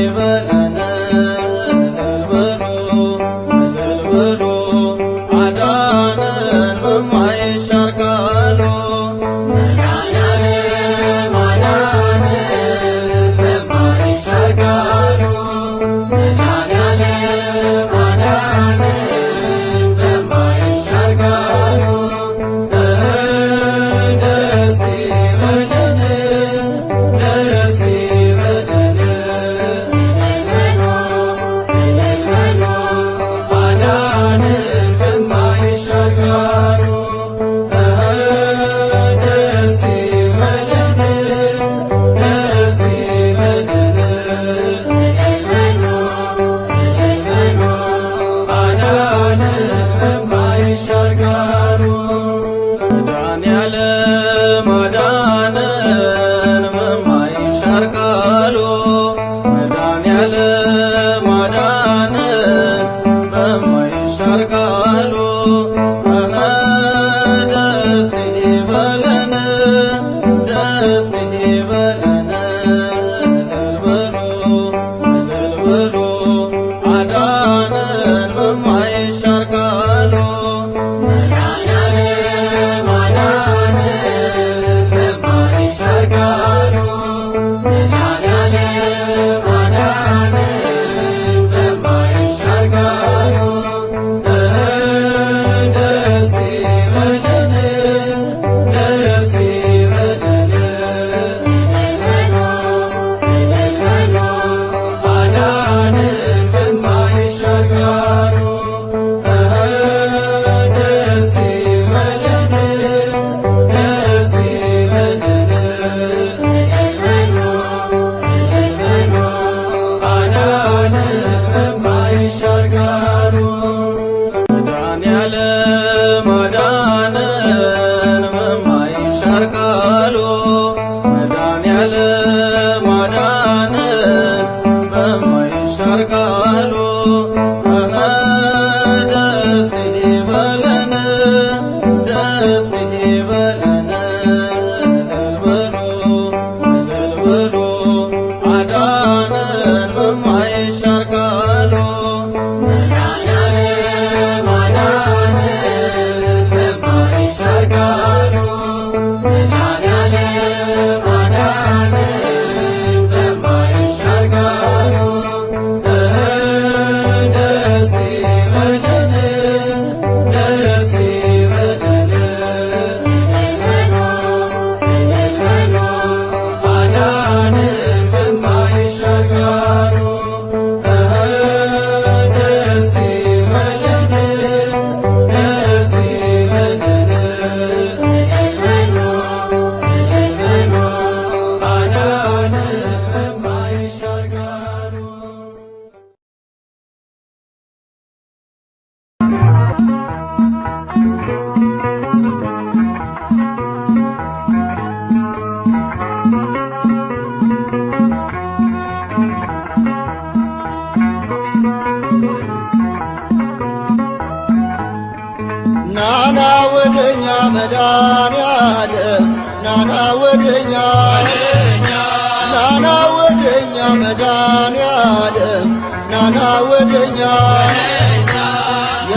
ever.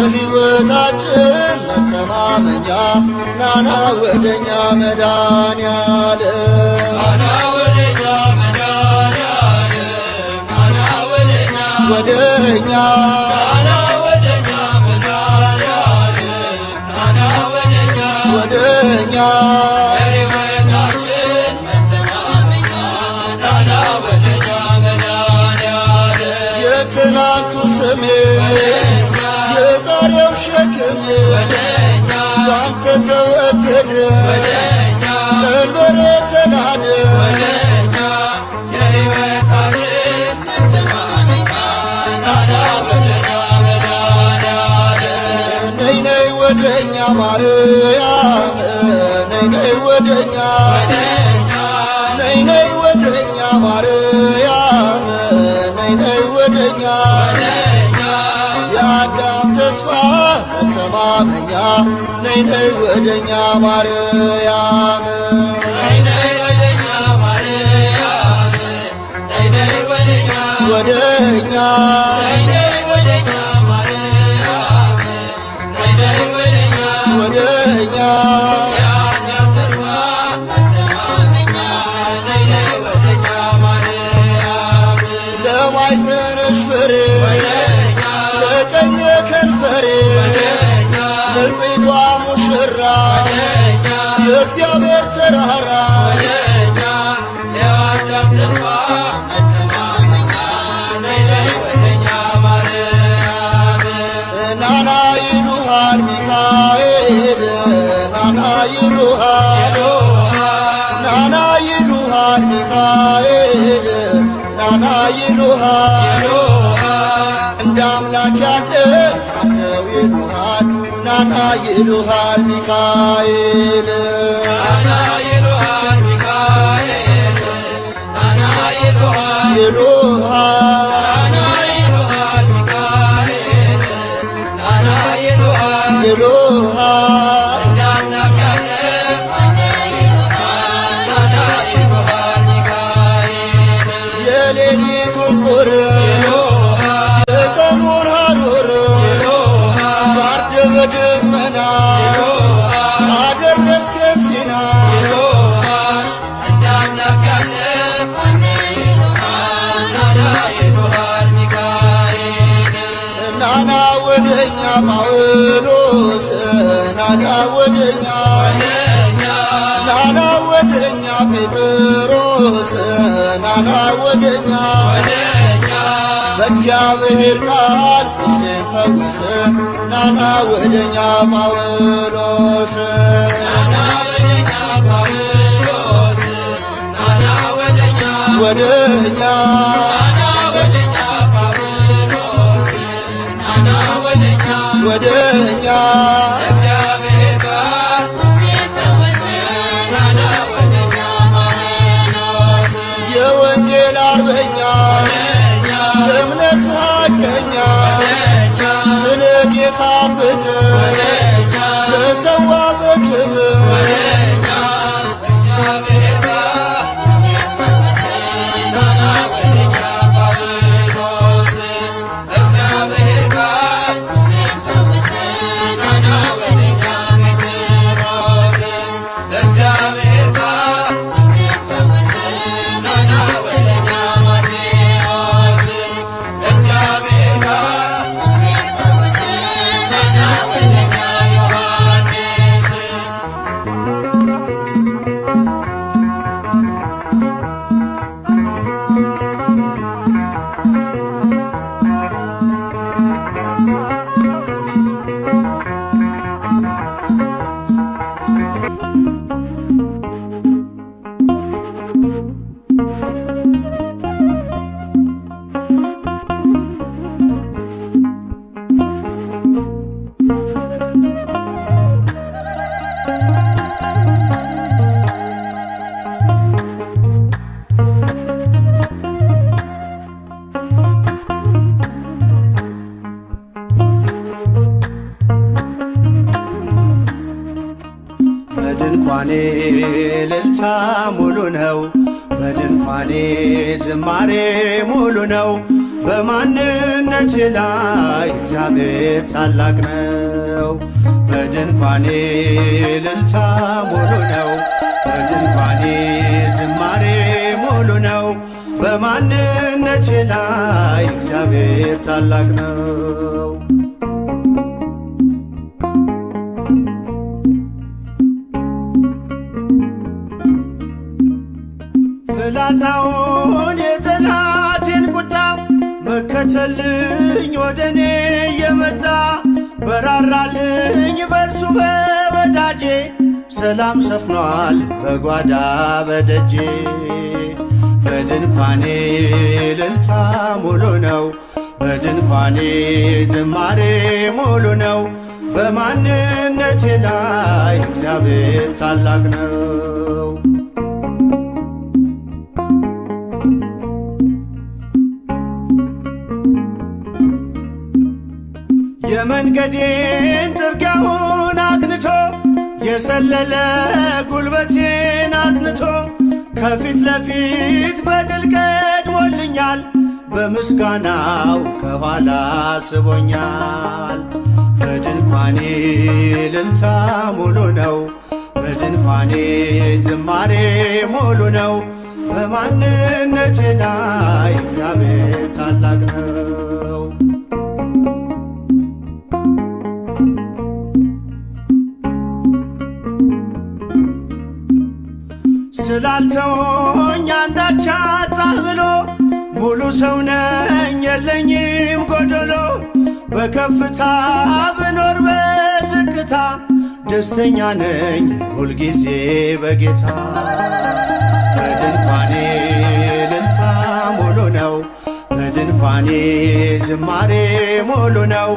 የሕይወታችን መተማመኛ ናና ወደኛ መድኃኔዓለም ወደኛ ወደኛ ባንተ ተወደደ መንበሬ ተናደ ወደኛ ማርያም ነይ ነይ ወደኛ ነይ ወደኛ ማርያም ወደኛ እንደ አምላክ ያለ አለው ይሉሃል ናና ይሉሃል ይሉሃል ጳውሎስን አዳወደኛ ናናወደኛ ጴጥሮስን አዳወደኛ በእግዚአብሔር ቃል ሙስሊም ፈውስ ናናወደኛ ጳውሎስ ወደኛ ወደኛ ነው። በድንኳኔ ዝማሬ ሙሉ ነው። በማንነት ላይ እግዚአብሔር ታላቅ ነው። በድንኳኔ ልልታ ሙሉ ነው። በድንኳኔ ዝማሬ ሙሉ ነው። በማንነት ላይ እግዚአብሔር ታላቅ ነው። ፍላጻውን የጠላቴን ቁጣ መከተልኝ ወደ እኔ የመጣ በራራልኝ በእርሱ በወዳጄ ሰላም ሰፍኗል በጓዳ በደጄ በድንኳኔ ልልታ ሙሉ ነው በድንኳኔ ዝማሬ ሙሉ ነው በማንነቴ ላይ እግዚአብሔር ታላቅ ነው የመንገዴን ጥርጊያውን አቅንቶ የሰለለ ጉልበቴን አትንቶ ከፊት ለፊት በድል ቀድሞልኛል፣ በምስጋናው ከኋላ ስቦኛል። በድንኳኔ ልልታ ሙሉ ነው፣ በድንኳኔ ዝማሬ ሙሉ ነው። በማንነቴ ላይ እግዚአብሔር ታላቅ ነው። ስላልተወኝ አንዳች አጣህ ብሎ ሙሉ ሰው ነኝ የለኝም ጎደሎ በከፍታ ብኖር በዝቅታ ደስተኛ ነኝ ሁልጊዜ በጌታ በድንኳኔ ልልታ ሙሉ ነው በድንኳኔ ዝማሬ ሙሉ ነው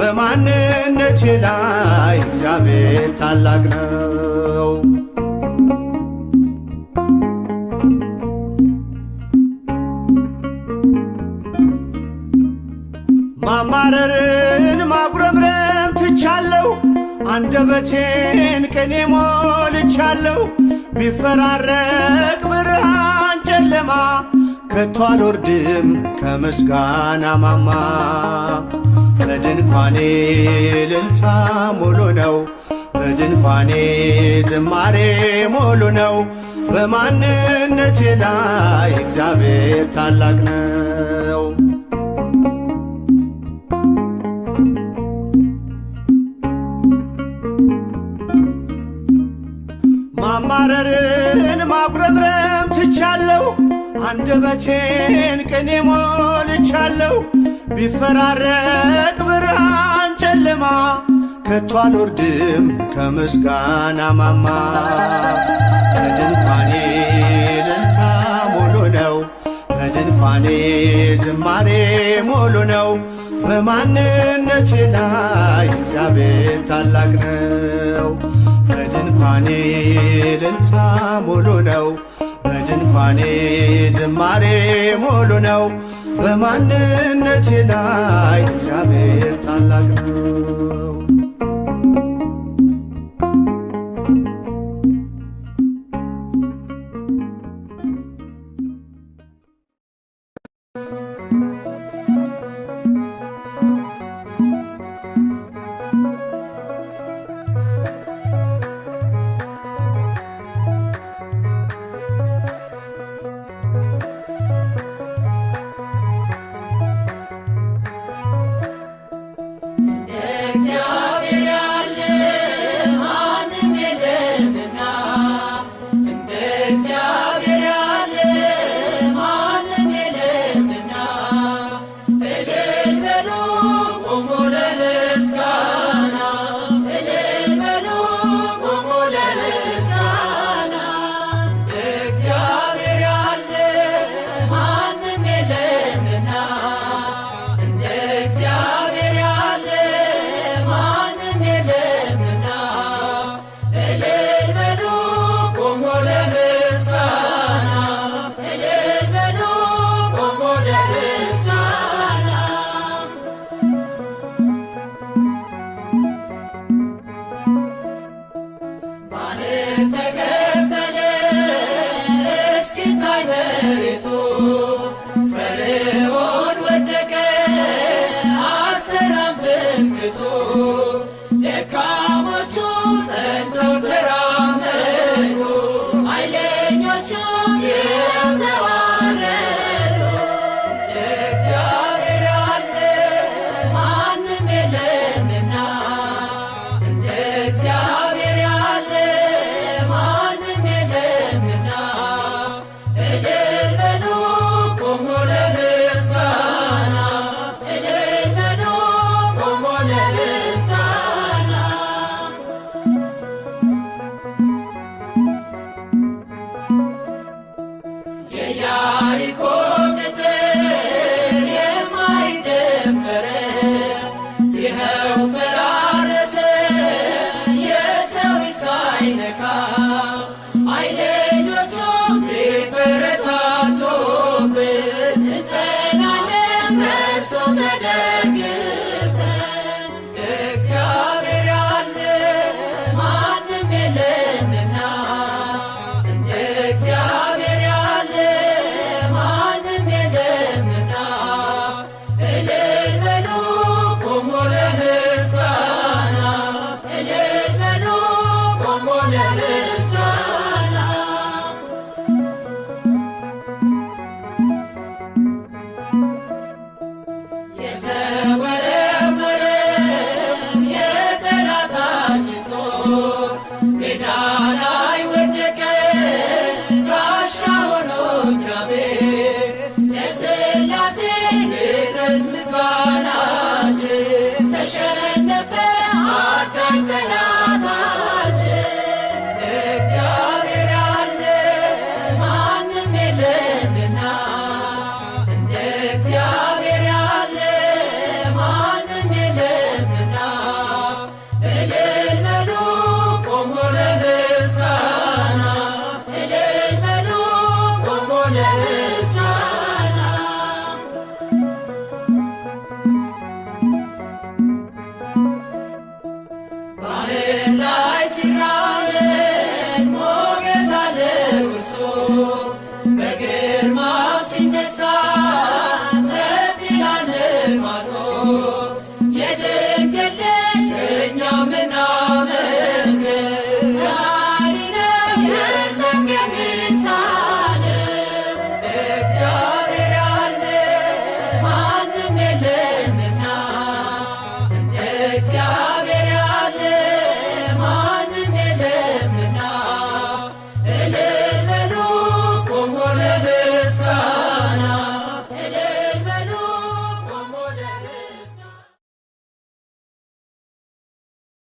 በማንነቴ ላይ እግዚአብሔር ታላቅ ነው ሐረርን ማጉረምረም ትቻለው አንደበቴን ቅኔ ሞልቻለሁ። ቢፈራረቅ ብርሃን ጨለማ ከቶ አልወርድም ከምስጋና ማማ በድንኳኔ ልልታ ሙሉ ነው በድንኳኔ ዝማሬ ሙሉ ነው በማንነቴ ላይ እግዚአብሔር ታላቅ ነው። ማማረርን ማጉረምረም ትቻለሁ። አንደበቴን ቅኔ ሞልቻለሁ። ቢፈራረቅ ብርሃን ጨለማ ከቶ አልወርድም ከምስጋና ማማ በድንኳኔ እልልታ ሙሉ ነው። በድንኳኔ ዝማሬ ሙሉ ነው። በማንነቴ ላይ እግዚአብሔር ታላቅ ነው። በድንኳኔ ልልታ ሙሉ ነው። በድንኳኔ ዝማሬ ሙሉ ነው። በማንነቴ ላይ እግዚአብሔር ታላቅ ነው።